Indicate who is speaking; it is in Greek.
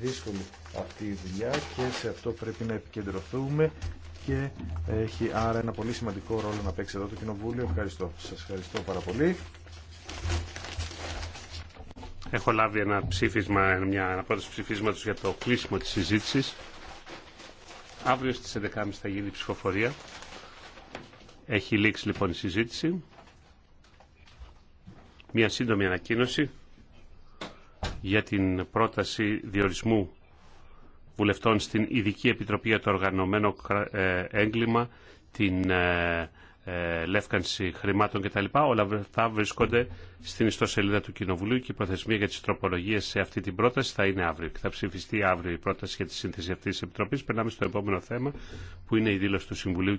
Speaker 1: δύσκολη αυτή η δουλειά και σε αυτό πρέπει να επικεντρωθούμε και έχει άρα ένα πολύ σημαντικό ρόλο να παίξει εδώ το Κοινοβούλιο. Ευχαριστώ. Σας ευχαριστώ πάρα πολύ.
Speaker 2: Έχω λάβει ένα ψήφισμα, μια, ένα ψηφίσματος για το κλείσιμο της συζήτησης. Αύριο στις 11.30 θα γίνει η ψηφοφορία. Έχει λήξει λοιπόν η συζήτηση. Μια σύντομη ανακοίνωση για την πρόταση διορισμού βουλευτών στην Ειδική Επιτροπή για το Οργανωμένο ε, Έγκλημα, την ε, ε, λεύκανση χρημάτων κτλ. Όλα αυτά βρίσκονται στην ιστοσελίδα του Κοινοβουλίου και η προθεσμία για τι τροπολογίε σε αυτή την πρόταση θα είναι αύριο. Και θα ψηφιστεί αύριο η πρόταση για τη σύνθεση αυτή τη Επιτροπή. Περνάμε στο επόμενο θέμα που είναι η δήλωση του
Speaker 3: Συμβουλίου